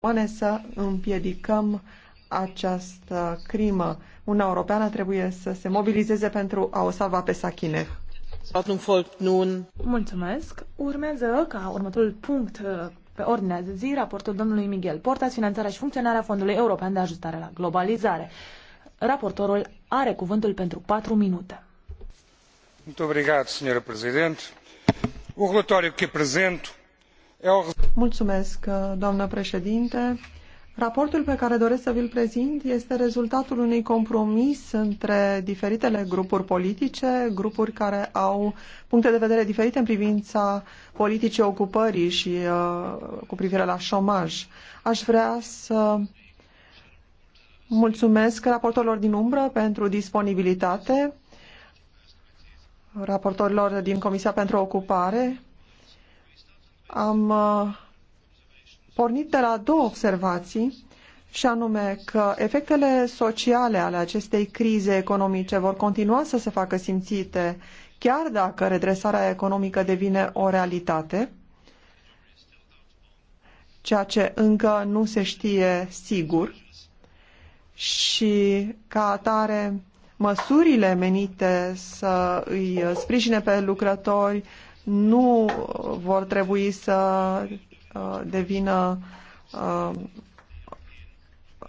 române să împiedicăm această crimă. Una Europeană trebuie să se mobilizeze pentru a o salva pe Sachinev. Mulțumesc. Urmează ca următorul punct uh, pe ordinea de zi raportul domnului Miguel Portas, finanțarea și funcționarea Fondului European de Ajustare la Globalizare. Raportorul are cuvântul pentru 4 minute. Muito obrigado, Sr. Presidente. O relatório que apresento Mulțumesc, președinte. Raportul pe care doresc să vi-l prezint este rezultatul unui compromis între diferitele grupuri politice, grupuri care au puncte de vedere diferite în privința politicii ocupării și uh, cu privire la șomaj. Aș vrea să mulțumesc raportorilor din umbră pentru disponibilitate, raportorilor din Comisia pentru Ocupare, am uh, pornit de la două observații și anume că efectele sociale ale acestei crize economice vor continua să se facă simțite chiar dacă redresarea economică devine o realitate, ceea ce încă nu se știe sigur și ca atare măsurile menite să îi sprijine pe lucrători, nu vor trebui să uh, devină uh,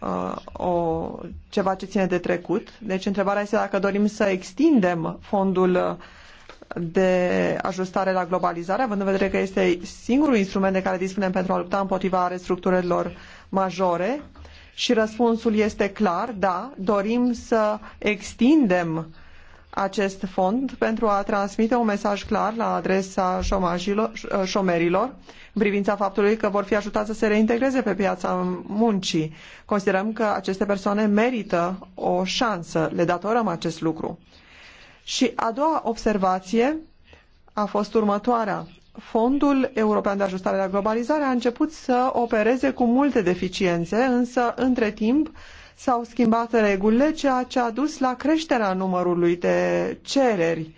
uh, o, ceva ce ține de trecut. Deci întrebarea este dacă dorim să extindem fondul de ajustare la globalizare, având în vedere că este singurul instrument de care dispunem pentru a lupta împotriva restructurărilor majore. Și răspunsul este clar, da, dorim să extindem acest fond pentru a transmite un mesaj clar la adresa șomerilor în privința faptului că vor fi ajutați să se reintegreze pe piața muncii. Considerăm că aceste persoane merită o șansă, le datorăm acest lucru. Și a doua observație a fost următoarea. Fondul European de Ajustare la Globalizare a început să opereze cu multe deficiențe, însă, între timp, S-au schimbat regulile, ceea ce a dus la creșterea numărului de cereri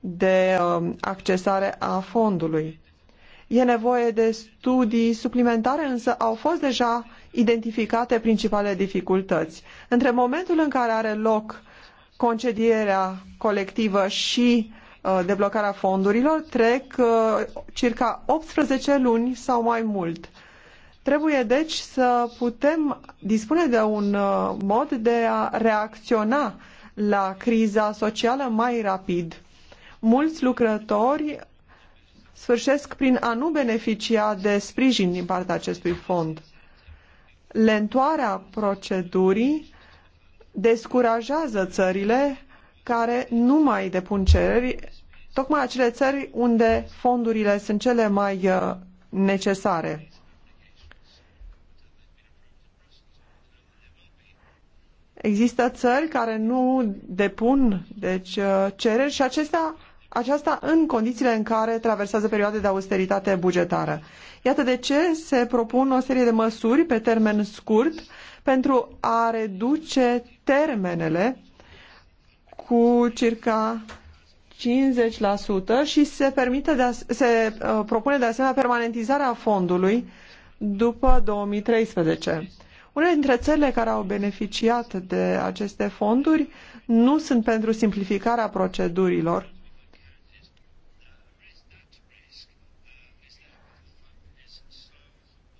de um, accesare a fondului. E nevoie de studii suplimentare, însă au fost deja identificate principalele dificultăți. Între momentul în care are loc concedierea colectivă și uh, deblocarea fondurilor trec uh, circa 18 luni sau mai mult. Trebuie deci să putem dispune de un uh, mod de a reacționa la criza socială mai rapid. Mulți lucrători sfârșesc prin a nu beneficia de sprijin din partea acestui fond. Lentoarea procedurii descurajează țările care nu mai depun cereri, tocmai acele țări unde fondurile sunt cele mai uh, necesare. Există țări care nu depun deci, uh, cereri și acestea, aceasta în condițiile în care traversează perioade de austeritate bugetară. Iată de ce se propun o serie de măsuri pe termen scurt pentru a reduce termenele cu circa 50% și se, permite de se uh, propune de asemenea permanentizarea fondului după 2013. Unele dintre țările care au beneficiat de aceste fonduri nu sunt pentru simplificarea procedurilor.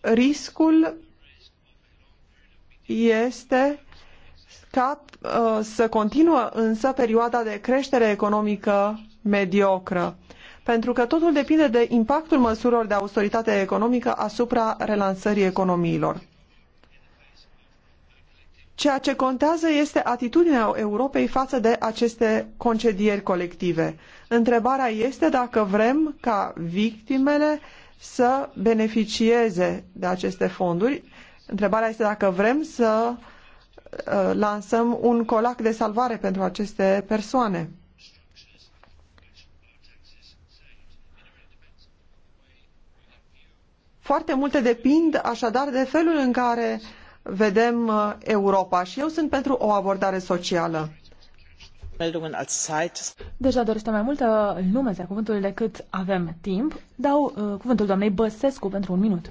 Riscul este ca uh, să continuă însă perioada de creștere economică mediocră, pentru că totul depinde de impactul măsurilor de austeritate economică asupra relansării economiilor. Ceea ce contează este atitudinea Europei față de aceste concedieri colective. Întrebarea este dacă vrem ca victimele să beneficieze de aceste fonduri. Întrebarea este dacă vrem să uh, lansăm un colac de salvare pentru aceste persoane. Foarte multe depind așadar de felul în care uh, vedem uh, Europa și eu sunt pentru o abordare socială. Deja deci, dorește mai multă lume să cuvântul decât avem timp. Dau uh, cuvântul doamnei Băsescu pentru un minut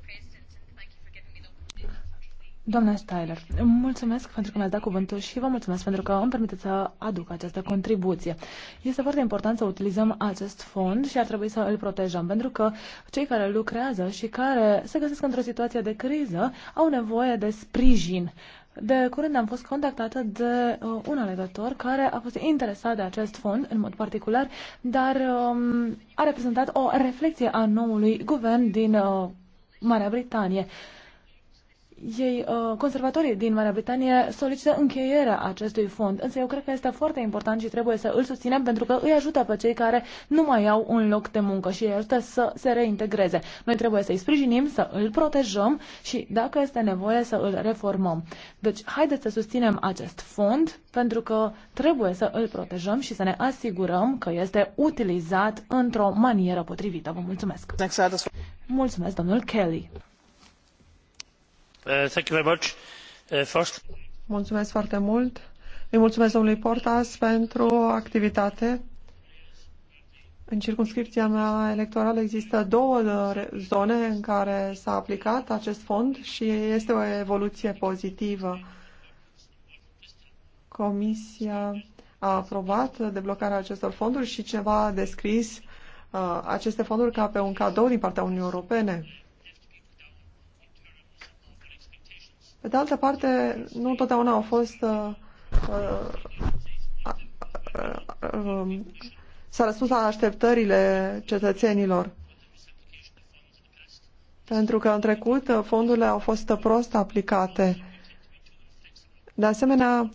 Doamna Styler, mulțumesc pentru că mi-ați dat cuvântul și vă mulțumesc pentru că îmi permiteți să aduc această contribuție. Este foarte important să utilizăm acest fond și ar trebui să îl protejăm, pentru că cei care lucrează și care se găsesc într-o situație de criză au nevoie de sprijin. De curând am fost contactată de uh, un alegător care a fost interesat de acest fond în mod particular, dar um, a reprezentat o reflexie a noului guvern din uh, Marea Britanie. Uh, ei, uh, conservatorii din Marea Britanie solicită încheierea acestui fond, însă eu cred că este foarte important și trebuie să îl susținem pentru că îi ajută pe cei care nu mai au un loc de muncă și îi ajută să se reintegreze. Noi trebuie să-i sprijinim, să îl protejăm și, dacă este nevoie, să îl reformăm. Deci, haideți să susținem acest fond pentru că trebuie să îl protejăm și să ne asigurăm că este utilizat într-o manieră potrivită. Vă mulțumesc! Mulțumesc, domnul Kelly! Uh, uh, mulțumesc foarte mult. Îi mulțumesc domnului Portas pentru activitate. În circunscripția mea electorală există două uh, zone în care s-a aplicat acest fond și este o evoluție pozitivă. Comisia a aprobat deblocarea acestor fonduri și cineva a descris aceste fonduri ca pe un cadou din partea Uniunii Europene. Pe de altă parte, nu totdeauna au fost uh uh, uh, uh, uh, s-a răspuns la așteptările cetățenilor. Pentru că în trecut fondurile au fost prost aplicate. De asemenea,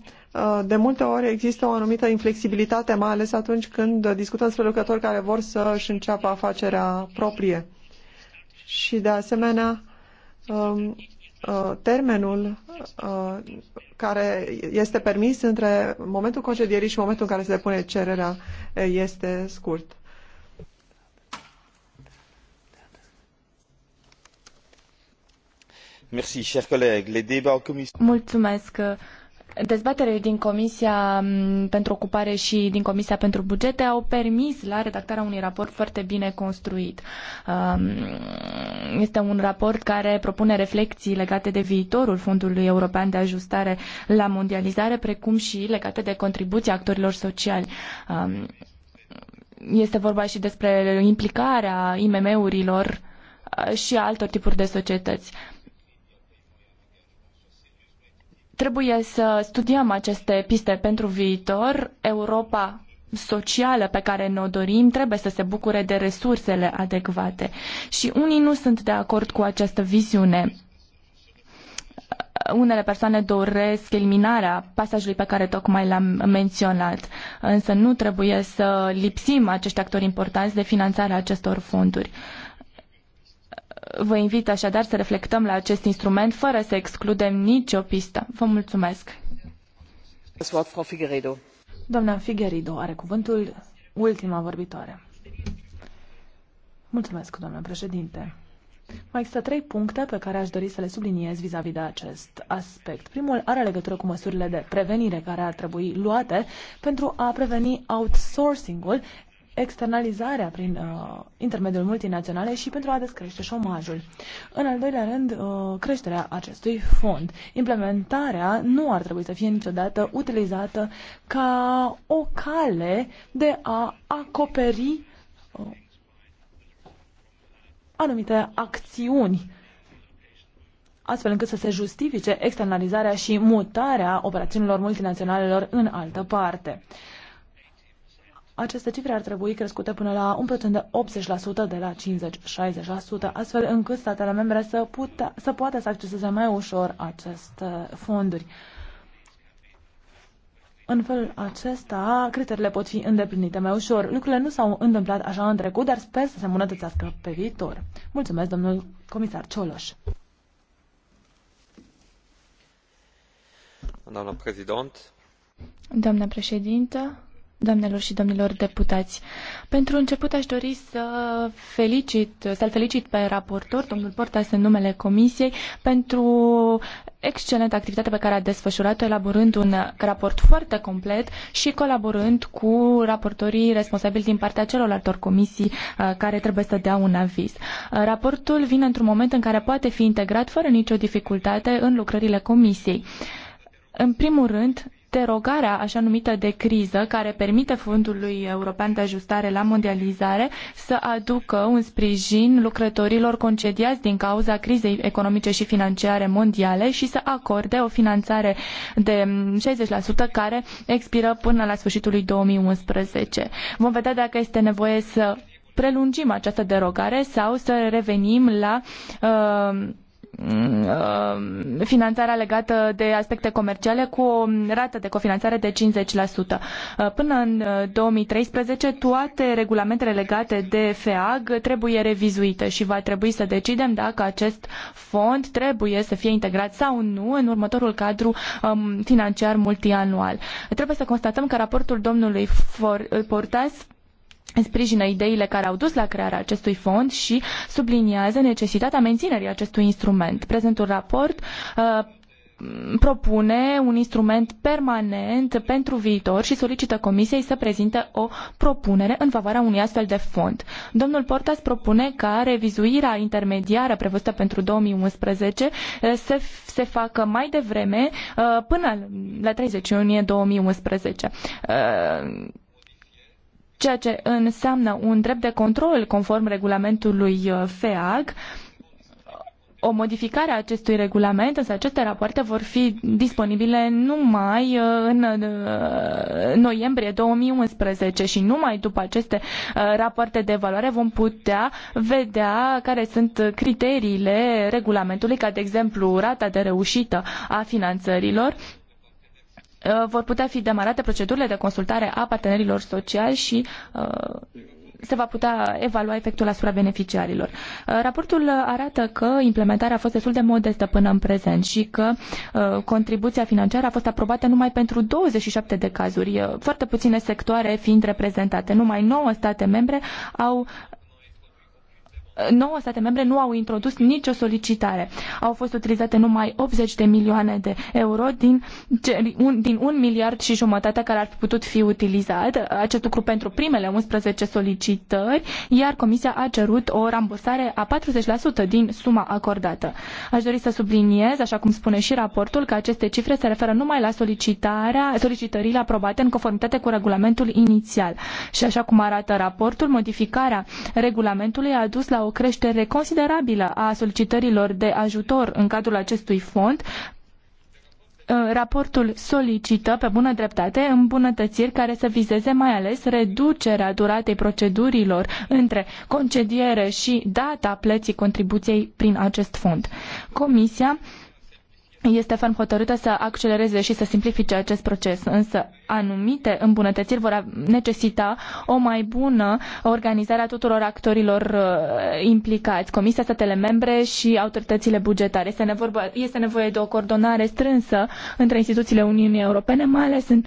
de multe ori există o anumită inflexibilitate, mai ales atunci când discutăm despre lucrători care vor să își înceapă afacerea proprie. Și de asemenea, um, Uh, termenul uh, care este permis între momentul concedierii și momentul în care se depune cererea uh, este scurt. Mulțumesc. Dezbaterile din Comisia pentru Ocupare și din Comisia pentru Bugete au permis la redactarea unui raport foarte bine construit. Um, este un raport care propune reflexii legate de viitorul Fondului European de Ajustare la Mondializare, precum și legate de contribuția actorilor sociali um, este vorba și despre implicarea IMM-urilor uh, și a altor tipuri de societăți. Trebuie să studiem aceste piste pentru viitor. Europa socială pe care ne-o dorim trebuie să se bucure de resursele adecvate. Și unii nu sunt de acord cu această viziune. Unele persoane doresc eliminarea pasajului pe care tocmai l-am menționat, însă nu trebuie să lipsim acești actori importanți de finanțarea acestor fonduri. Uh, Vă invit așadar să reflectăm la acest instrument fără să excludem nicio pistă. Vă mulțumesc. Doamna Figueredo are cuvântul ultima vorbitoare. Mulțumesc, doamnă președinte. Mai există trei puncte pe care aș dori să le subliniez vis-a-vis -vis de acest aspect. Primul are legătură cu măsurile de prevenire care ar trebui luate pentru a preveni outsourcing-ul, externalizarea prin uh, intermediul multinaționale și pentru a descrește șomajul. În al doilea rând, uh, creșterea acestui fond. Implementarea nu ar trebui să fie niciodată utilizată ca o cale de a acoperi uh, anumite acțiuni astfel încât să se justifice externalizarea și mutarea operațiunilor multinaționalelor în altă parte. Uh, aceste cifre ar trebui crescute până la un procent de 80% de la 50-60%, astfel încât statele membre să, putea, să poată să acceseze mai ușor aceste fonduri. În felul acesta, criteriile pot fi îndeplinite mai ușor. Lucrurile nu s-au întâmplat așa în trecut, dar sper să se îmbunătățească pe viitor. Mulțumesc, domnul comisar Cioloș. Doamna președintă, Doamnelor și domnilor deputați, pentru început aș dori să felicit, să-l felicit pe raportor, domnul Portas, în numele Comisiei, pentru excelentă activitate pe care a desfășurat-o, elaborând un raport foarte complet și colaborând cu raportorii responsabili din partea celorlaltor comisii uh, care trebuie să dea un aviz. Uh, raportul vine într-un moment în care poate fi integrat fără nicio dificultate în lucrările Comisiei. În primul rând, derogarea așa numită de criză care permite Fondului European de Ajustare la Mondializare să aducă un sprijin lucrătorilor concediați din cauza crizei economice și financiare mondiale și să acorde o finanțare de 60% care expiră până la sfârșitul lui 2011. Vom vedea dacă este nevoie să prelungim această derogare sau să revenim la uh, Uh, finanțarea legată de aspecte comerciale cu o rată de cofinanțare de 50%. Uh, până în 2013, uh, toate regulamentele legate de FEAG trebuie revizuite și va trebui să decidem dacă acest fond trebuie să fie integrat sau nu în următorul cadru um, financiar multianual. Trebuie să constatăm că raportul domnului Portas sprijină ideile care au dus la crearea acestui fond și subliniază necesitatea menținerii acestui instrument. Prezentul raport uh, propune un instrument permanent pentru viitor și solicită Comisiei să prezinte o propunere în favoarea unui astfel de fond. Domnul Portas propune ca revizuirea intermediară prevăzută pentru 2011 uh, să se facă mai devreme uh, până la 30 iunie 2011 ceea ce înseamnă un drept de control conform regulamentului uh, FEAG. O modificare a acestui regulament, însă aceste rapoarte vor fi disponibile numai uh, în uh, noiembrie 2011 și numai după aceste rapoarte de evaluare vom putea vedea care sunt criteriile regulamentului, ca de exemplu rata de reușită a finanțărilor Uh, vor putea fi demarate procedurile de consultare a partenerilor sociali și uh, se va putea evalua efectul asupra beneficiarilor. Uh, raportul arată că implementarea a fost destul de modestă până în prezent și că contribuția financiară a fost aprobată numai pentru 27 de cazuri, foarte puține sectoare fiind reprezentate. Numai 9 state membre au 9 state membre nu au introdus nicio solicitare. Au fost utilizate numai 80 de milioane de euro din, un, din 1 miliard și jumătate care ar fi putut fi utilizat. Acest lucru pentru primele 11 solicitări, iar Comisia a cerut o rambursare a 40% din suma acordată. Aș dori să subliniez, așa cum spune și raportul, că aceste cifre se referă numai la solicitarea, solicitările aprobate în conformitate cu regulamentul inițial. Și așa cum arată raportul, modificarea regulamentului a dus la o creștere considerabilă a solicitărilor de ajutor în cadrul acestui fond, uh, raportul solicită, pe bună dreptate, îmbunătățiri care să vizeze mai ales reducerea duratei procedurilor între concediere și data plății contribuției prin acest fond. Comisia este ferm hotărâtă să accelereze și să simplifice acest proces, însă anumite îmbunătățiri vor necesita o mai bună organizare a tuturor actorilor uh, implicați, Comisia Statele Membre și autoritățile bugetare. Este nevoie, este nevoie de o coordonare strânsă între instituțiile Uniunii Europene, mai ales în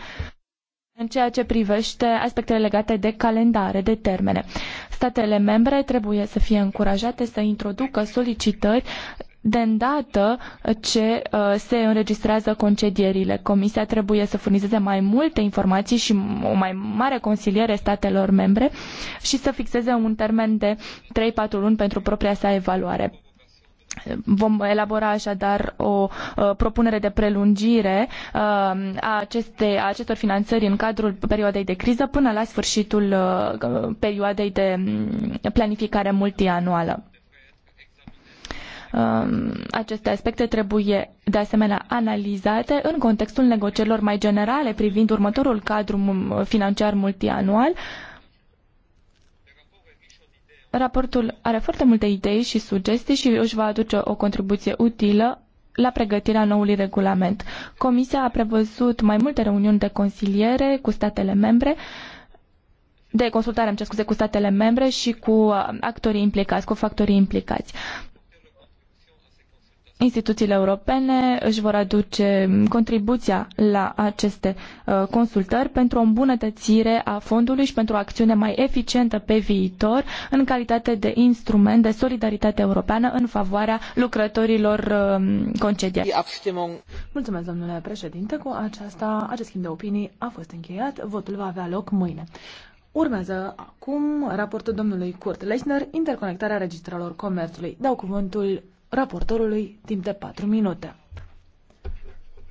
în ceea ce privește aspectele legate de calendare, de termene. Statele membre trebuie să fie încurajate să introducă solicitări de îndată ce uh, se înregistrează concedierile. Comisia trebuie să furnizeze mai multe informații și o mai mare consiliere statelor membre și să fixeze un termen de 3-4 luni pentru propria sa evaluare. Vom elabora așadar o uh, propunere de prelungire uh, a, aceste, a acestor finanțări în cadrul perioadei de criză până la sfârșitul perioadei de mm, planificare multianuală. Um, aceste aspecte trebuie de asemenea analizate în contextul negocierilor mai generale privind următorul cadru financiar multianual. Raportul are foarte multe idei și sugestii și își va aduce o contribuție utilă la pregătirea noului regulament. Comisia a prevăzut mai multe reuniuni de consiliere cu statele membre de consultare, am cer scuze, cu statele membre și cu uh, actorii implicați, cu factorii implicați instituțiile europene își vor aduce contribuția la aceste uh, consultări pentru o îmbunătățire a fondului și pentru o acțiune mai eficientă pe viitor în calitate de instrument de solidaritate europeană în favoarea lucrătorilor uh, concediați. Mulțumesc, domnule președinte. Cu aceasta, acest schimb de opinii a fost încheiat. Votul va avea loc mâine. Urmează acum raportul domnului Kurt Lechner, interconectarea registrelor comerțului. Dau cuvântul raportorului timp de 4 minute.